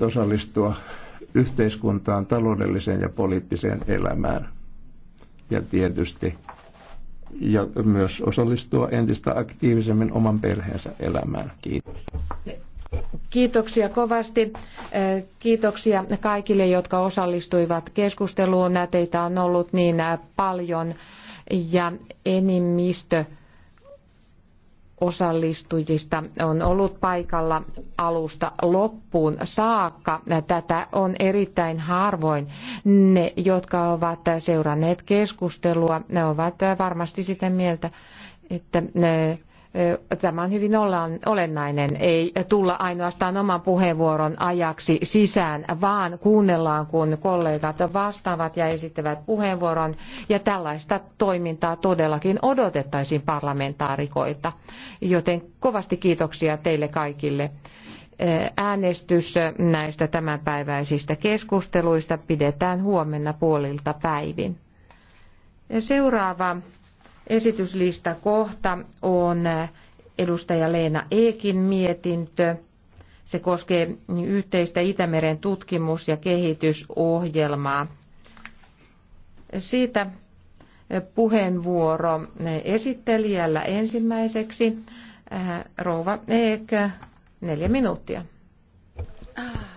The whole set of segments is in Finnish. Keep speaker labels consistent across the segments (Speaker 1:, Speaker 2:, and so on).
Speaker 1: osallistua yhteiskuntaan, taloudelliseen ja poliittiseen elämään. Ja tietysti ja myös osallistua entistä aktiivisemmin oman perheensä elämään. Kiitos.
Speaker 2: Kiitoksia kovasti. Kiitoksia kaikille, jotka osallistuivat keskusteluun. Näteitä on ollut niin paljon ja enimmistö osallistujista on ollut paikalla alusta loppuun saakka. Tätä on erittäin harvoin. Ne, jotka ovat seuranneet keskustelua, ne ovat varmasti sitä mieltä, että ne Tämä on hyvin olennainen. Ei tulla ainoastaan oman puheenvuoron ajaksi sisään, vaan kuunnellaan, kun kollegat vastaavat ja esittävät puheenvuoron. Ja tällaista toimintaa todellakin odotettaisiin parlamentaarikoilta. Joten kovasti kiitoksia teille kaikille äänestys näistä tämänpäiväisistä keskusteluista pidetään huomenna puolilta päivin. Seuraava Esityslista kohta on edustaja Leena Eekin mietintö. Se koskee yhteistä Itämeren tutkimus- ja kehitysohjelmaa. Siitä puheenvuoro esittelijällä ensimmäiseksi. Rouva Eek, neljä minuuttia. Ah.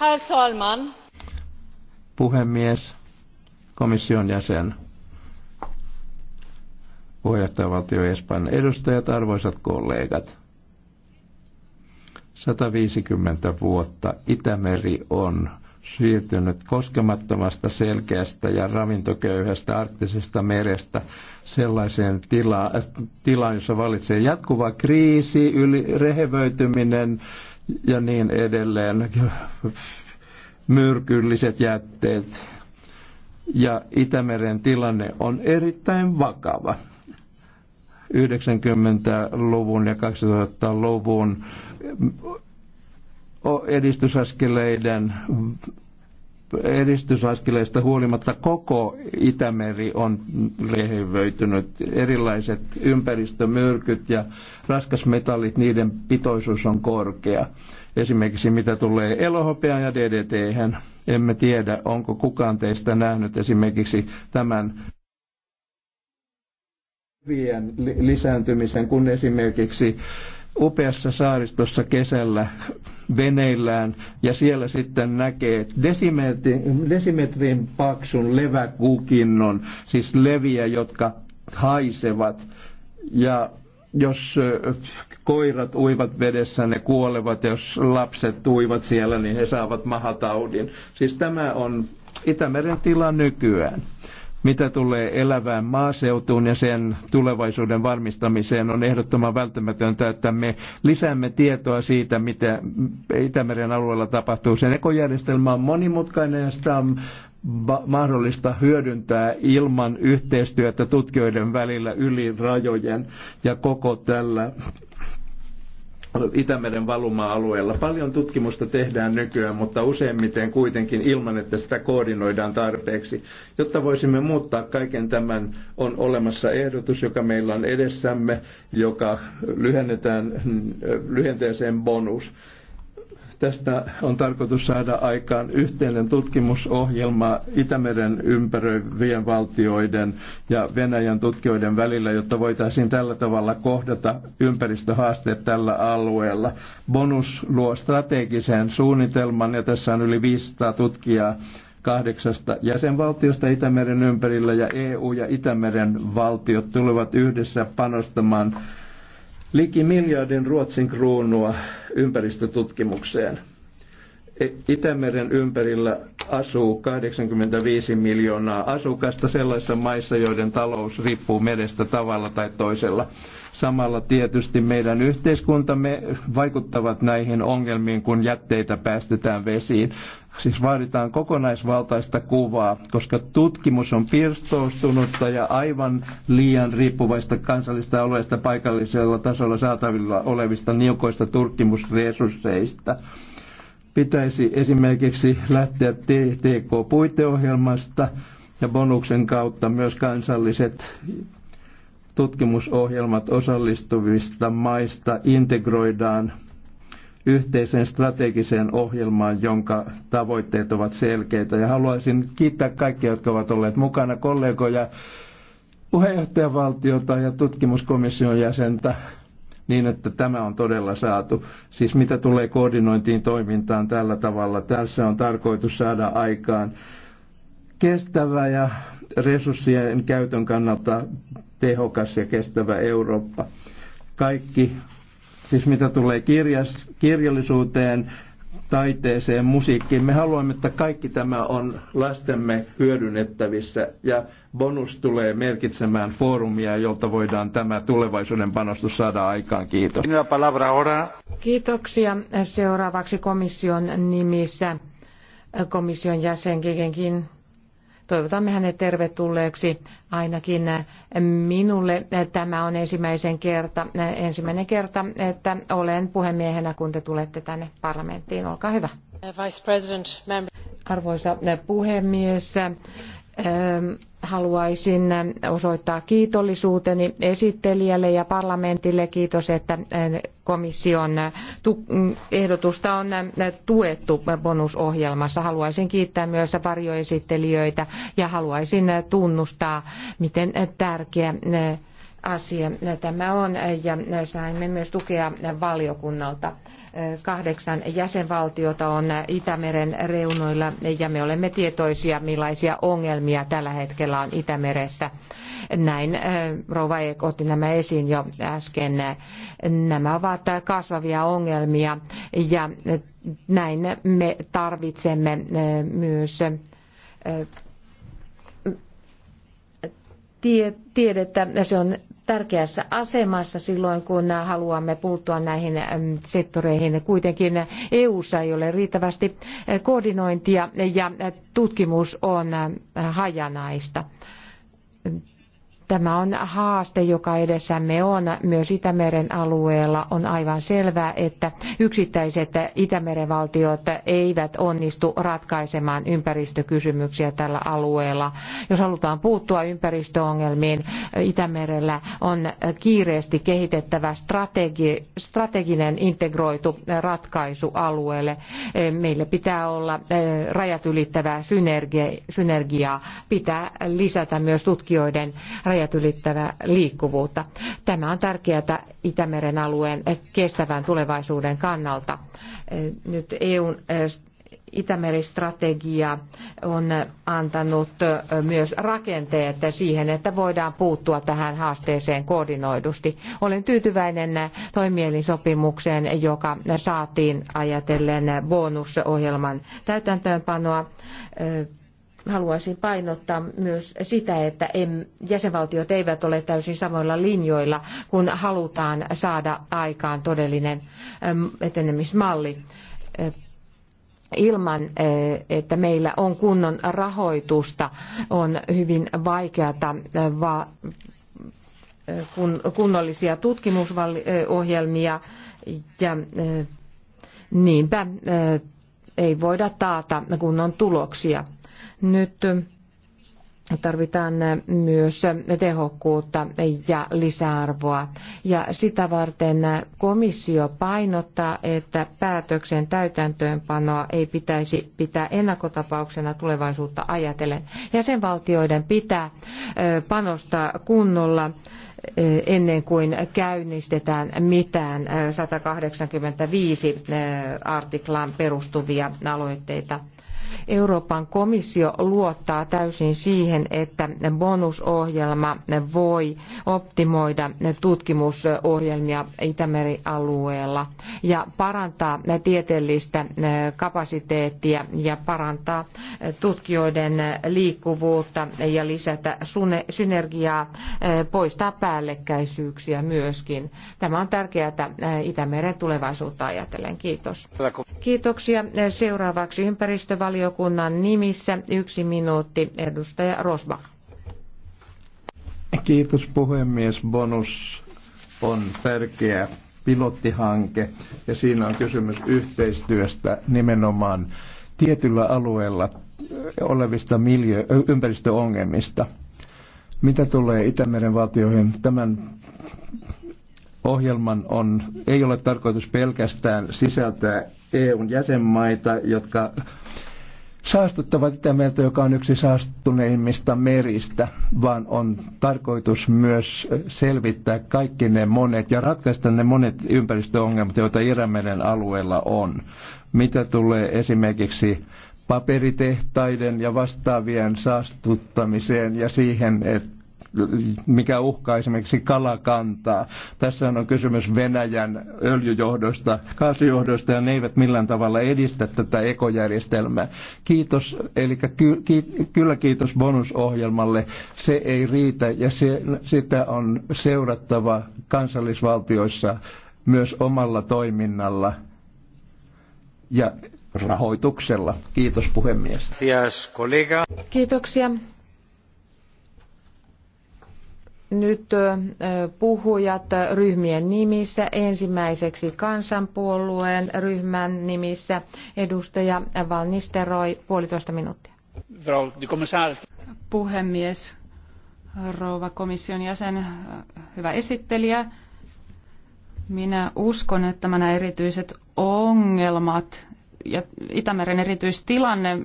Speaker 2: Herr talman.
Speaker 1: Puhemies, komission jäsen, puheenjohtajavaltio Espanjan edustajat, arvoisat kollegat. 150 vuotta Itämeri on siirtynyt koskemattomasta, selkeästä ja ravintoköyhästä arktisesta merestä sellaiseen tila, tilaan, jossa valitsee jatkuva kriisi, yli, rehevöityminen, ja niin edelleen, myrkylliset jätteet. Ja Itämeren tilanne on erittäin vakava. 90-luvun ja 2000-luvun edistysaskeleiden edistysaskeleista huolimatta koko Itämeri on rehevöitynyt. Erilaiset ympäristömyrkyt ja raskasmetallit, niiden pitoisuus on korkea. Esimerkiksi mitä tulee elohopeaan ja DDT, emme tiedä, onko kukaan teistä nähnyt esimerkiksi tämän lisääntymisen, kun esimerkiksi upeassa saaristossa kesällä veneillään ja siellä sitten näkee desimetrin, desimetrin paksun leväkukinnon, siis leviä, jotka haisevat ja jos koirat uivat vedessä, ne kuolevat, jos lapset uivat siellä, niin he saavat mahataudin. Siis tämä on Itämeren tila nykyään. Mitä tulee elävään maaseutuun ja sen tulevaisuuden varmistamiseen, on ehdottoman välttämätöntä, että me lisäämme tietoa siitä, mitä Itämeren alueella tapahtuu. Sen ekojärjestelmä on monimutkainen ja sitä on mahdollista hyödyntää ilman yhteistyötä tutkijoiden välillä yli rajojen ja koko tällä Itämeren valuma-alueella. Paljon tutkimusta tehdään nykyään, mutta useimmiten kuitenkin ilman, että sitä koordinoidaan tarpeeksi. Jotta voisimme muuttaa kaiken tämän, on olemassa ehdotus, joka meillä on edessämme, joka lyhennetään mm, lyhenteeseen bonus. Tästä on tarkoitus saada aikaan yhteinen tutkimusohjelma Itämeren ympäröivien valtioiden ja Venäjän tutkijoiden välillä, jotta voitaisiin tällä tavalla kohdata ympäristöhaasteet tällä alueella. Bonus luo strategisen suunnitelman ja tässä on yli 500 tutkijaa kahdeksasta jäsenvaltiosta Itämeren ympärillä ja EU ja Itämeren valtiot tulevat yhdessä panostamaan liki miljardin Ruotsin kruunua ympäristötutkimukseen. E, Itämeren ympärillä asuu 85 miljoonaa asukasta sellaisissa maissa, joiden talous riippuu merestä tavalla tai toisella. Samalla tietysti meidän yhteiskuntamme vaikuttavat näihin ongelmiin, kun jätteitä päästetään vesiin. Siis vaaditaan kokonaisvaltaista kuvaa, koska tutkimus on pirstoustunutta ja aivan liian riippuvaista kansallista alueesta paikallisella tasolla saatavilla olevista niukoista tutkimusresursseista pitäisi esimerkiksi lähteä TTK-puiteohjelmasta ja bonuksen kautta myös kansalliset tutkimusohjelmat osallistuvista maista integroidaan yhteiseen strategiseen ohjelmaan, jonka tavoitteet ovat selkeitä. Ja haluaisin kiittää kaikkia, jotka ovat olleet mukana, kollegoja, puheenjohtajavaltiota ja tutkimuskomission jäsentä, niin että tämä on todella saatu. Siis mitä tulee koordinointiin toimintaan tällä tavalla, tässä on tarkoitus saada aikaan kestävä ja resurssien käytön kannalta tehokas ja kestävä Eurooppa. Kaikki, siis mitä tulee kirjas, kirjallisuuteen, taiteeseen, musiikkiin. Me haluamme, että kaikki tämä on lastemme hyödynnettävissä ja bonus tulee merkitsemään foorumia, jolta voidaan tämä tulevaisuuden panostus saada aikaan. Kiitos.
Speaker 2: Kiitoksia. Seuraavaksi komission nimissä komission jäsen Kikenkin. Toivotamme hänet tervetulleeksi ainakin minulle. Tämä on ensimmäisen kerta, ensimmäinen kerta, että olen puhemiehenä, kun te tulette tänne parlamenttiin. Olkaa hyvä.
Speaker 3: Vice President,
Speaker 2: Arvoisa puhemies, haluaisin osoittaa kiitollisuuteni esittelijälle ja parlamentille. Kiitos, että komission ehdotusta on tuettu bonusohjelmassa. Haluaisin kiittää myös varjoesittelijöitä ja haluaisin tunnustaa, miten tärkeä asia tämä on ja saimme myös tukea valiokunnalta. Kahdeksan jäsenvaltiota on Itämeren reunoilla ja me olemme tietoisia millaisia ongelmia tällä hetkellä on Itämeressä. Näin äh, Rova Ek otti nämä esiin jo äsken. Nämä ovat kasvavia ongelmia ja näin me tarvitsemme äh, myös äh, tiedettä. Se on tärkeässä asemassa silloin, kun haluamme puuttua näihin sektoreihin. Kuitenkin EU:ssa ei ole riittävästi koordinointia ja tutkimus on hajanaista Tämä on haaste, joka edessämme on. Myös Itämeren alueella on aivan selvää, että yksittäiset Itämeren valtiot eivät onnistu ratkaisemaan ympäristökysymyksiä tällä alueella. Jos halutaan puuttua ympäristöongelmiin, Itämerellä on kiireesti kehitettävä strategi, strateginen integroitu ratkaisu alueelle. Meillä pitää olla eh, rajat ylittävää synergiaa, pitää lisätä myös tutkijoiden rajat rajat ylittävää liikkuvuutta. Tämä on tärkeää Itämeren alueen kestävän tulevaisuuden kannalta. Nyt EUn eh, Itämeri-strategia on antanut eh, myös rakenteet siihen, että voidaan puuttua tähän haasteeseen koordinoidusti. Olen tyytyväinen toimielinsopimukseen, joka saatiin ajatellen bonusohjelman täytäntöönpanoa. Eh, haluaisin painottaa myös sitä, että jäsenvaltiot eivät ole täysin samoilla linjoilla, kun halutaan saada aikaan todellinen etenemismalli ilman, e, että meillä on kunnon rahoitusta, on hyvin vaikeata e, e, kunnollisia tutkimusohjelmia ja niinpä ei voida taata kunnon tuloksia. Nyt tarvitaan myös tehokkuutta ja lisäarvoa. Ja sitä varten komissio painottaa, että päätöksen täytäntöönpanoa ei pitäisi pitää ennakkotapauksena tulevaisuutta ajatellen. Jäsenvaltioiden pitää panostaa kunnolla ennen kuin käynnistetään mitään 185 artiklaan perustuvia aloitteita Euroopan komissio luottaa täysin siihen, että bonusohjelma voi optimoida tutkimusohjelmia Itämeri-alueella ja parantaa tieteellistä eh, kapasiteettia ja parantaa eh, tutkijoiden eh, liikkuvuutta ja lisätä synergiaa, poistaa päällekkäisyyksiä myöskin. Tämä on tärkeää Itämeren tulevaisuutta ajatellen. Kiitos. Kiitoksia. Seuraavaksi ympäristövaliokunta valiokunnan nimissä yksi minuutti edustaja Rosbach.
Speaker 1: Kiitos puhemies. Bonus on tärkeä pilottihanke ja siinä on kysymys yhteistyöstä nimenomaan tietyllä alueella olevista miljö- ympäristöongelmista. Mitä tulee Itämeren valtioihin, tämän ohjelman on, ei ole tarkoitus pelkästään sisältää EUn jäsenmaita, jotka saastuttavat Itämerta, joka on yksi saastuneimmista meristä, vaan on tarkoitus myös selvittää kaikki ne monet ja ratkaista ne monet ympäristöongelmat, joita Irämeren alueella on. Mitä tulee esimerkiksi paperitehtaiden ja vastaavien saastuttamiseen ja siihen, että mikä uhkaa esimerkiksi kalakantaa. Tässä on kysymys Venäjän öljyjohdosta, kaasujohdosta, ja ne eivät millään tavalla edistä tätä ekojärjestelmää. Kiitos, eli ky, ki, kyllä kiitos bonusohjelmalle. Se ei riitä, ja se, sitä on seurattava kansallisvaltioissa myös omalla toiminnalla ja rahoituksella. Kiitos puhemies.
Speaker 2: Kiitoksia. Nyt puhujat ryhmien nimissä. Ensimmäiseksi kansanpuolueen ryhmän nimissä edustaja Valnisteroi puolitoista
Speaker 4: minuuttia. Puhemies, rouva komission jäsen, hyvä esittelijä. Minä uskon, että nämä erityiset ongelmat, ja Itämeren erityistilanne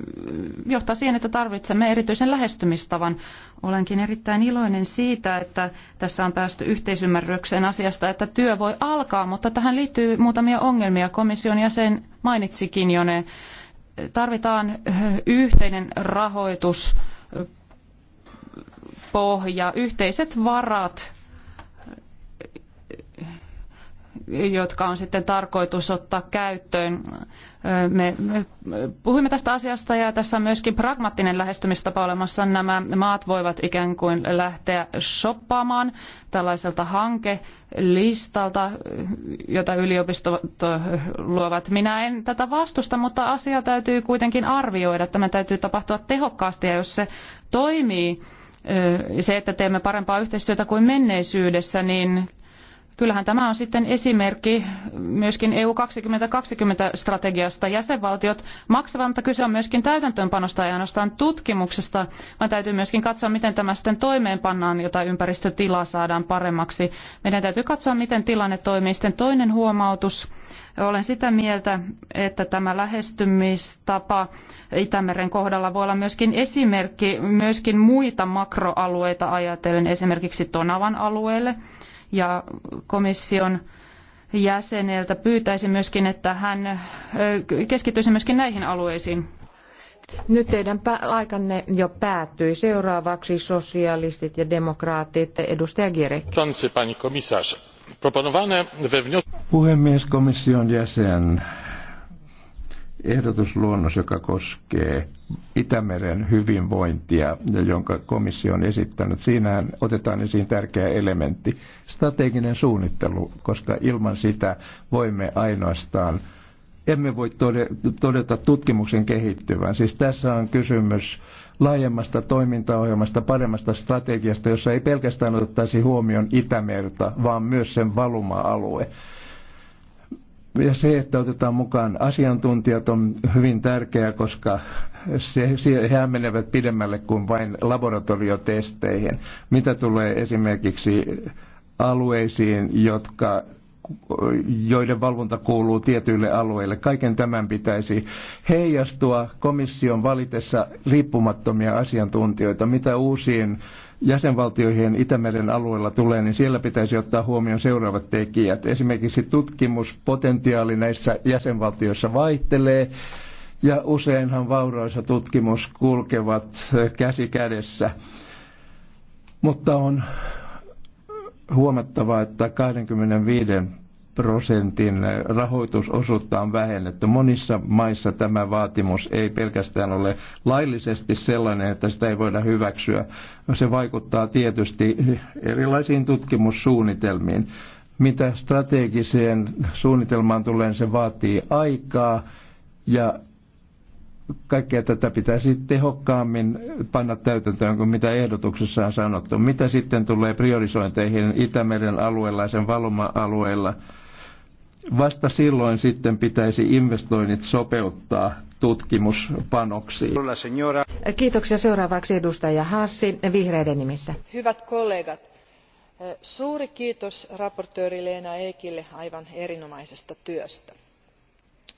Speaker 4: johtaa siihen, että tarvitsemme erityisen lähestymistavan. Olenkin erittäin iloinen siitä, että tässä on päästy yhteisymmärrykseen asiasta, että työ voi alkaa, mutta tähän liittyy muutamia ongelmia. Komission jäsen mainitsikin jo ne. Tarvitaan yhteinen rahoitus, pohja, yhteiset varat jotka on sitten tarkoitus ottaa käyttöön. Me puhuimme tästä asiasta ja tässä on myöskin pragmaattinen lähestymistapa olemassa. Nämä maat voivat ikään kuin lähteä shoppaamaan tällaiselta hankelistalta, jota yliopistot luovat. Minä en tätä vastusta, mutta asia täytyy kuitenkin arvioida. Tämä täytyy tapahtua tehokkaasti ja jos se toimii, se, että teemme parempaa yhteistyötä kuin menneisyydessä, niin kyllähän tämä on sitten esimerkki myöskin EU 2020-strategiasta. Jäsenvaltiot maksavat, mutta kyse on myöskin täytäntöönpanosta ja ainoastaan tutkimuksesta, vaan täytyy myöskin katsoa, miten tämä sitten toimeenpannaan, jota ympäristötila saadaan paremmaksi. Meidän täytyy katsoa, miten tilanne toimii. Sitten toinen huomautus. Olen sitä mieltä, että tämä lähestymistapa Itämeren kohdalla voi olla myöskin esimerkki myöskin muita makroalueita ajatellen, esimerkiksi Tonavan alueelle – ja komission jäseneltä pyytäisin myöskin, että hän keskittyisi myöskin näihin alueisiin.
Speaker 2: Nyt teidän aikanne jo päättyi. Seuraavaksi sosialistit ja demokraatit. Edustaja Gierek.
Speaker 3: Puhemies,
Speaker 1: komission jäsen ehdotusluonnos, joka koskee Itämeren hyvinvointia, jonka komissio on esittänyt. Siinä otetaan esiin tärkeä elementti, strateginen suunnittelu, koska ilman sitä voimme ainoastaan, emme voi todeta tutkimuksen kehittyvän. Siis tässä on kysymys laajemmasta toimintaohjelmasta, paremmasta strategiasta, jossa ei pelkästään otettaisi huomioon Itämerta, vaan myös sen valuma-alue. Ja se, että otetaan mukaan asiantuntijat on hyvin tärkeää, koska se, se, he menevät pidemmälle kuin vain laboratoriotesteihin. Mitä tulee esimerkiksi alueisiin, jotka joiden valvonta kuuluu tietyille alueille. Kaiken tämän pitäisi heijastua komission valitessa riippumattomia asiantuntijoita, mitä uusiin jäsenvaltioihin Itämeren alueella tulee, niin siellä pitäisi ottaa huomioon seuraavat tekijät. Esimerkiksi tutkimuspotentiaali näissä jäsenvaltioissa vaihtelee, ja useinhan vauraus ja tutkimus kulkevat käsi kädessä. Mutta on huomattava, että 25 prosentin rahoitusosuutta on vähennetty. Monissa maissa tämä vaatimus ei pelkästään ole laillisesti sellainen, että sitä ei voida hyväksyä. Se vaikuttaa tietysti erilaisiin tutkimussuunnitelmiin. Mitä strategiseen suunnitelmaan tulee, se vaatii aikaa ja kaikkea tätä pitäisi tehokkaammin panna täytäntöön kuin mitä ehdotuksessa on sanottu. Mitä sitten tulee priorisointeihin Itämeren alueella ja sen valuma-alueella? Vasta silloin sitten pitäisi investoinnit sopeuttaa tutkimuspanoksiin.
Speaker 2: Kiitoksia seuraavaksi edustaja Haassi vihreiden nimissä.
Speaker 3: Hyvät kollegat, suuri kiitos raportööri Leena Eikille aivan erinomaisesta työstä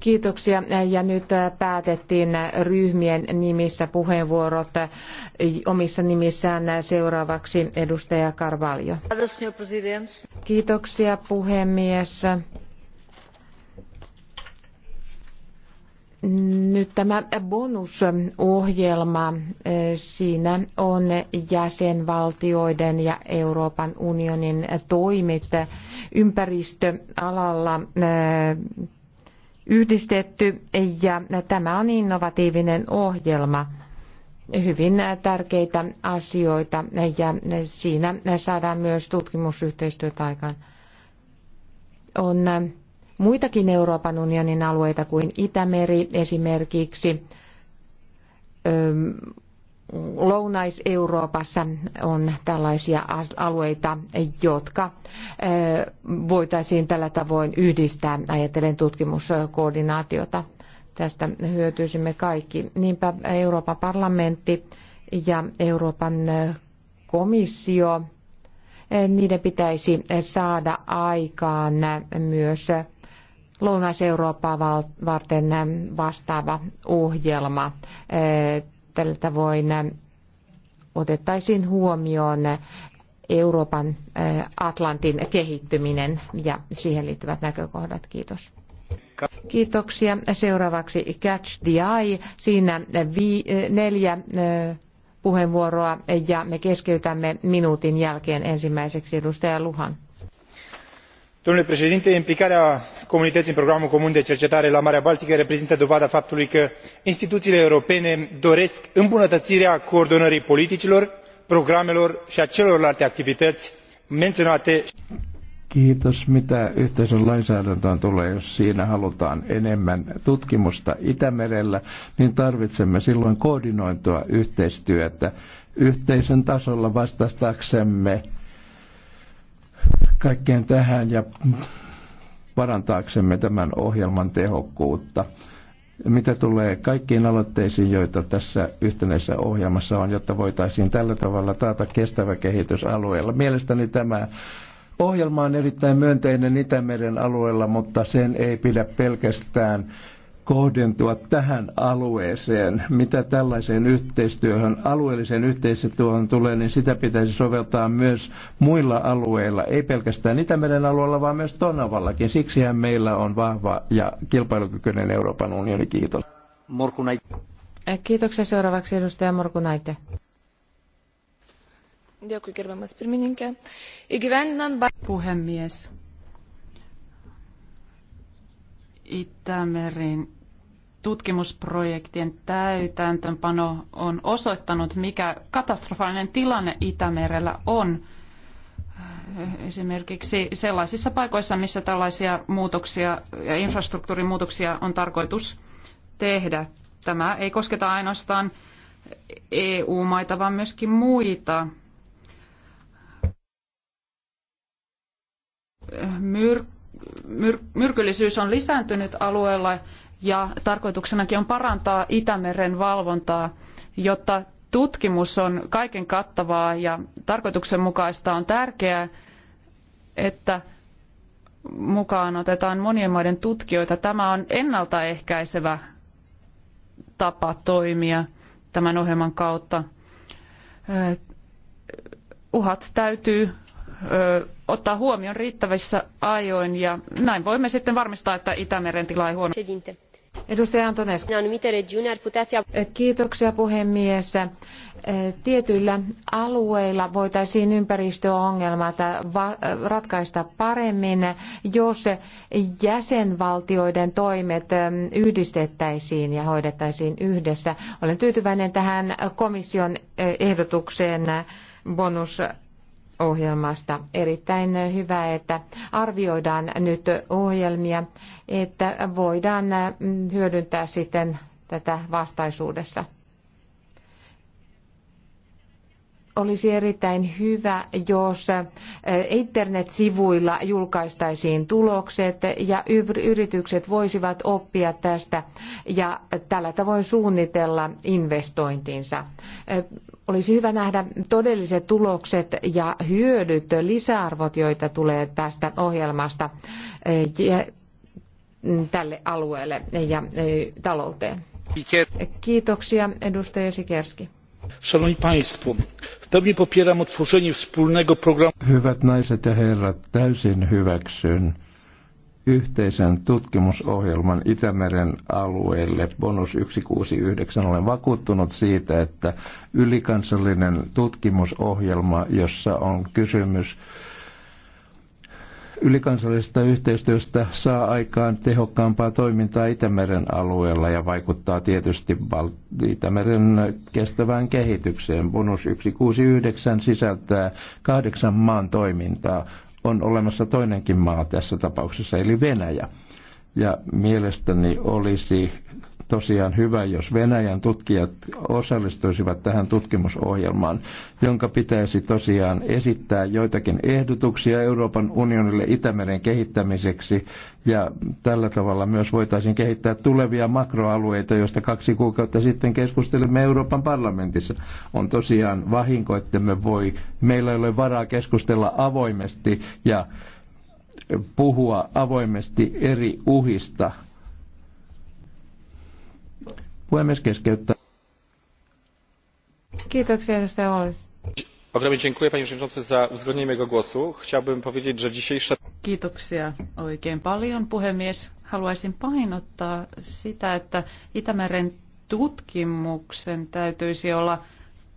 Speaker 2: Kiitoksia. Ja nyt päätettiin ryhmien nimissä puheenvuorot omissa nimissään seuraavaksi edustaja Carvalho. Kiitoksia puhemies. Nyt tämä bonusohjelma, eh, siinä on jäsenvaltioiden ja Euroopan unionin toimet ympäristöalalla eh, yhdistetty ja tämä on innovatiivinen ohjelma. Hyvin tärkeitä asioita ja siinä saadaan myös tutkimusyhteistyötä aikaan. On eh, muitakin Euroopan unionin alueita kuin Itämeri esimerkiksi. Lounais-Euroopassa on tällaisia alueita, jotka voitaisiin tällä tavoin yhdistää, ajatellen tutkimuskoordinaatiota. Tästä hyötyisimme kaikki. Niinpä Euroopan parlamentti ja Euroopan komissio, niiden pitäisi saada aikaan myös Lounais-Eurooppaa varten ähm, vastaava ohjelma. Äh, tältä voin äh, otettaisiin huomioon Euroopan äh, Atlantin kehittyminen ja siihen liittyvät näkökohdat. Kiitos. Kiitoksia. Seuraavaksi Catch the Eye. Siinä vi- neljä puheenvuoroa ja me keskeytämme minuutin jälkeen ensimmäiseksi edustaja Luhan
Speaker 1: implicarea comunităii în programul comun de cercetare la marea baltică reprezintă dovada faptului că instituiile europene doresc îmbunătăirea coordonării politicilor programelor i a celorlalte activități menționate. Kiitos. Mitä yhteisön lainsäädäntöön tulee, jos siinä halutaan enemmän tutkimusta Itämerellä, niin tarvitsemme silloin koordinointua yhteistyötä yhteisön tasolla vastaaksemme kaikkeen tähän ja parantaaksemme tämän ohjelman tehokkuutta. Mitä tulee kaikkiin aloitteisiin, joita tässä yhtenäisessä ohjelmassa on, jotta voitaisiin tällä tavalla taata kestävä kehitys alueella. Mielestäni tämä ohjelma on erittäin myönteinen Itämeren alueella, mutta sen ei pidä pelkästään kohdentua tähän alueeseen. Mitä tällaiseen yhteistyöhön, alueelliseen yhteistyöhön tulee, niin sitä pitäisi soveltaa myös muilla alueilla, ei pelkästään Itämeren alueella, vaan myös Tonavallakin. Siksihän meillä on vahva ja kilpailukykyinen Euroopan unioni. Kiitos.
Speaker 2: Morkunaite. Kiitoksia seuraavaksi edustaja Morkunaite.
Speaker 4: Puhemies. Itämerin tutkimusprojektien täytäntöönpano on osoittanut, mikä katastrofaalinen tilanne Itämerellä on. Esimerkiksi sellaisissa paikoissa, missä tällaisia muutoksia ja infrastruktuurimuutoksia on tarkoitus tehdä. Tämä ei kosketa ainoastaan EU-maita, vaan myöskin muita. Myr- myr- myrkyllisyys on lisääntynyt alueella ja tarkoituksenakin on parantaa Itämeren valvontaa, jotta tutkimus on kaiken kattavaa ja tarkoituksenmukaista on tärkeää, että mukaan otetaan monien maiden tutkijoita. Tämä on ennaltaehkäisevä tapa toimia tämän ohjelman kautta. Uhat täytyy ottaa huomioon riittävissä ajoin ja näin voimme sitten varmistaa, että Itämeren tila ei huono.
Speaker 2: Edustaja Antonescu. Eh, kiitoksia puhemies. Eh, tietyillä alueilla voitaisiin ympäristöongelmat eh, ratkaista paremmin, jos jäsenvaltioiden toimet yhdistettäisiin ja hoidettaisiin yhdessä. Olen tyytyväinen tähän komission ehdotukseen bonus ohjelmasta. Erittäin hyvä, että arvioidaan nyt ohjelmia, että voidaan hyödyntää sitten tätä vastaisuudessa. Olisi erittäin hyvä, jos internetsivuilla julkaistaisiin tulokset ja yritykset voisivat oppia tästä ja tällä tavoin suunnitella investointinsa. Olisi hyvä nähdä todelliset tulokset ja hyödyt, lisäarvot, joita tulee tästä ohjelmasta eh, mm, tälle alueelle ja eh, talouteen. Kiitoksia, edustaja Sikerski.
Speaker 1: Szanowni Państwo, w pełni popieram otworzenie wspólnego programu. Hyvät naiset ja herrat, täysin hyväksyn yhteisen tutkimusohjelman Itämeren alueelle, bonus 169. Olen vakuuttunut siitä, että ylikansallinen tutkimusohjelma, jossa on kysymys ylikansallisesta yhteistyöstä, saa aikaan tehokkaampaa toimintaa Itämeren alueella ja vaikuttaa tietysti Itämeren kestävään kehitykseen. Bonus 169 sisältää kahdeksan maan toimintaa on olemassa toinenkin maa tässä tapauksessa, eli Venäjä. Ja mielestäni olisi tosiaan hyvä, jos Venäjän tutkijat osallistuisivat tähän tutkimusohjelmaan, jonka pitäisi tosiaan esittää joitakin ehdotuksia Euroopan unionille Itämeren kehittämiseksi ja tällä tavalla myös voitaisiin kehittää tulevia makroalueita, joista kaksi kuukautta sitten keskustelimme Euroopan parlamentissa. On tosiaan vahinko, että me voi, meillä ei ole varaa keskustella avoimesti ja puhua avoimesti eri uhista Puhemies keskeyttää.
Speaker 4: Kiitoksia, edustaja Wallis.
Speaker 1: Ogromnie dziękuję panie przewodniczący za uzgodnienie mojego głosu. Chciałbym powiedzieć, że
Speaker 4: dzisiejsze... Kiitoksia oikein paljon puhemies. Haluaisin painottaa sitä, että Itämeren tutkimuksen täytyisi olla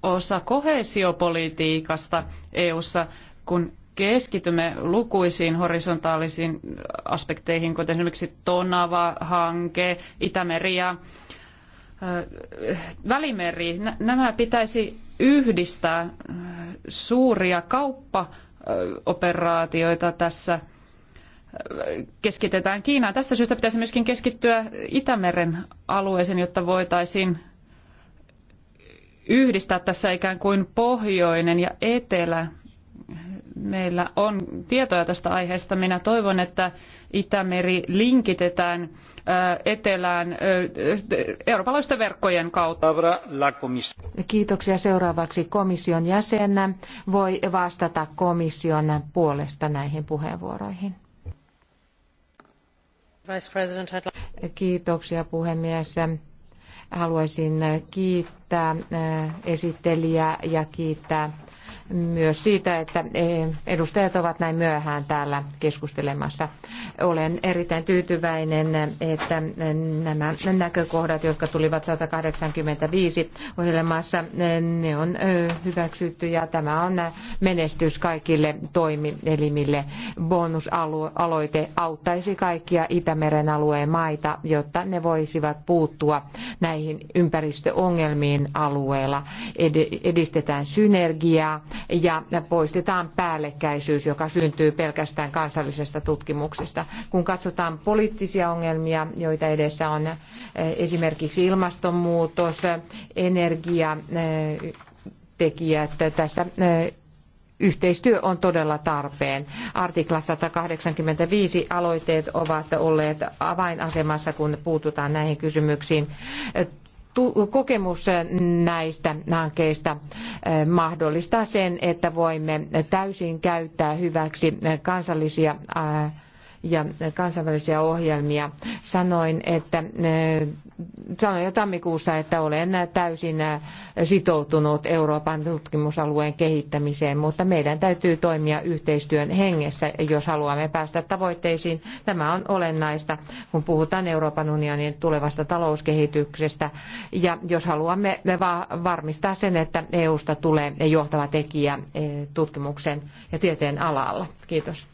Speaker 4: osa kohesiopolitiikasta EU:ssa, kun keskitymme lukuisiin horisontaalisiin aspekteihin, kuten esimerkiksi Tonava-hanke, Itämeri ja Välimeri, nämä pitäisi yhdistää suuria kauppaoperaatioita tässä keskitetään Kiinaan. Tästä syystä pitäisi myöskin keskittyä Itämeren alueeseen, jotta voitaisiin yhdistää tässä ikään kuin pohjoinen ja etelä meillä on tietoja tästä aiheesta. Minä toivon, että Itämeri linkitetään äh, etelään äh, äh, eurooppalaisten verkkojen kautta. Kiitoksia.
Speaker 2: Seuraavaksi komission jäsenä voi vastata komission puolesta näihin puheenvuoroihin. Kiitoksia puhemies. Haluaisin kiittää esittelijää ja kiittää myös siitä, että e, edustajat ovat näin myöhään täällä keskustelemassa. Olen erittäin tyytyväinen, että nämä näkökohdat, jotka tulivat 185 ohjelmassa, ne on e, hyväksytty ja tämä on menestys kaikille toimielimille. Bonusaloite auttaisi kaikkia Itämeren alueen maita, jotta ne voisivat puuttua näihin ympäristöongelmiin alueella. Edistetään synergiaa tutkintaa ja poistetaan päällekkäisyys, joka syntyy pelkästään kansallisesta tutkimuksesta. Kun katsotaan poliittisia ongelmia, joita edessä on eh, esimerkiksi ilmastonmuutos, energia, eh, tekijät tässä eh, Yhteistyö on todella tarpeen. Artikla 185 aloitteet ovat olleet avainasemassa, kun puututaan näihin kysymyksiin kokemus näistä hankkeista eh, mahdollistaa sen, että voimme täysin käyttää hyväksi kansallisia eh, ja kansainvälisiä ohjelmia. Sanoin, että, eh, sanoin jo tammikuussa, että olen täysin eh, sitoutunut Euroopan tutkimusalueen kehittämiseen, mutta meidän täytyy toimia yhteistyön hengessä, jos haluamme päästä tavoitteisiin. Tämä on olennaista, kun puhutaan Euroopan unionin tulevasta talouskehityksestä ja jos haluamme varmistaa sen, että EUsta tulee johtava tekijä eh, tutkimuksen ja tieteen alalla. Kiitos.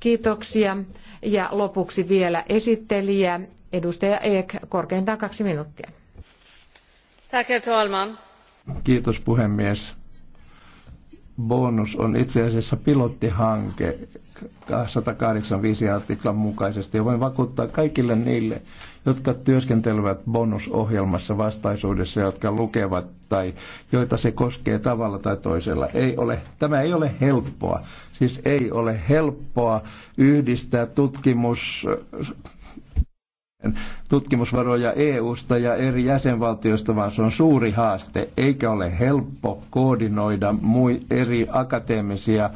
Speaker 2: Kiitoksia. Ja lopuksi vielä esittelijä, edustaja Eek, korkeintaan kaksi minuuttia. Tack,
Speaker 1: Kiitos puhemies. Bonus on itse asiassa pilottihanke 185 artiklan mukaisesti ja voin vakuuttaa kaikille niille, jotka työskentelevät bonusohjelmassa vastaisuudessa, jotka lukevat tai joita se koskee tavalla tai toisella. Ei ole, tämä ei ole helppoa. Siis ei ole helppoa yhdistää tutkimus tutkimusvaroja EU-sta ja eri jäsenvaltioista, vaan se on suuri haaste, eikä ole helppo koordinoida mui, eri akateemisia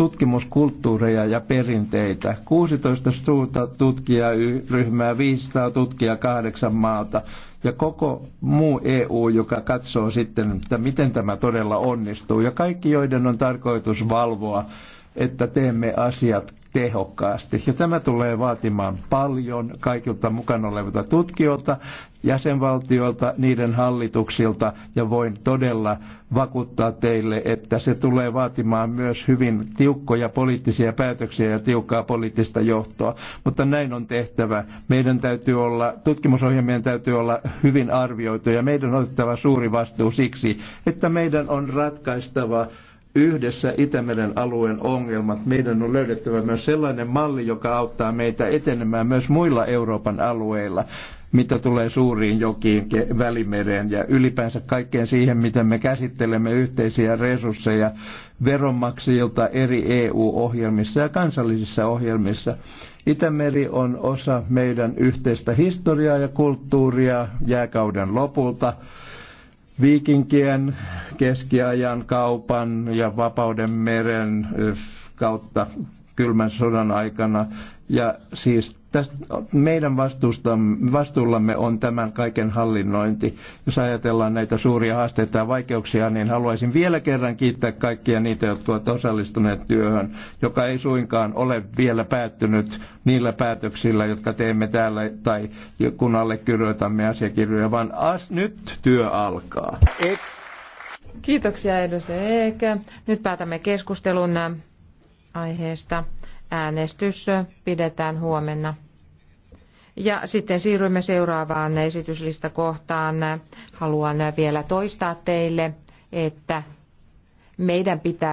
Speaker 1: tutkimuskulttuureja ja perinteitä. 16 suurta tutkijaryhmää, 500 tutkijaa kahdeksan maata ja koko muu EU, joka katsoo sitten, että miten tämä todella onnistuu. Ja kaikki, joiden on tarkoitus valvoa, että teemme asiat tehokkaasti. Ja tämä tulee vaatimaan paljon kaikilta mukana olevilta tutkijoilta, jäsenvaltioilta, niiden hallituksilta ja voin todella vakuuttaa teille, että se tulee vaatimaan myös hyvin tiukkoja poliittisia päätöksiä ja tiukkaa poliittista johtoa. Mutta näin on tehtävä. Meidän täytyy olla, tutkimusohjelmien täytyy olla hyvin ja Meidän on otettava suuri vastuu siksi, että meidän on ratkaistava yhdessä Itämeren alueen ongelmat. Meidän on löydettävä myös sellainen malli, joka auttaa meitä etenemään myös muilla Euroopan alueilla, mitä tulee suuriin jokiin, välimereen ja ylipäänsä kaikkeen siihen, miten me käsittelemme yhteisiä resursseja veronmaksajilta eri EU-ohjelmissa ja kansallisissa ohjelmissa. Itämeri on osa meidän yhteistä historiaa ja kulttuuria jääkauden lopulta viikinkien keskiajan kaupan ja vapauden meren kautta kylmän sodan aikana ja siis tästä, meidän vastuullamme on tämän kaiken hallinnointi. Jos ajatellaan näitä suuria haasteita ja vaikeuksia, niin haluaisin vielä kerran kiittää kaikkia niitä, jotka ovat osallistuneet työhön, joka ei suinkaan ole vielä päättynyt niillä päätöksillä, jotka teemme täällä tai kun allekirjoitamme asiakirjoja, vaan as, nyt työ alkaa.
Speaker 2: Kiitoksia edustaja Eekä. Nyt päätämme keskustelun aiheesta. Äänestys pidetään huomenna. Ja sitten siirrymme seuraavaan esityslistakohtaan. Haluan vielä toistaa teille, että meidän pitää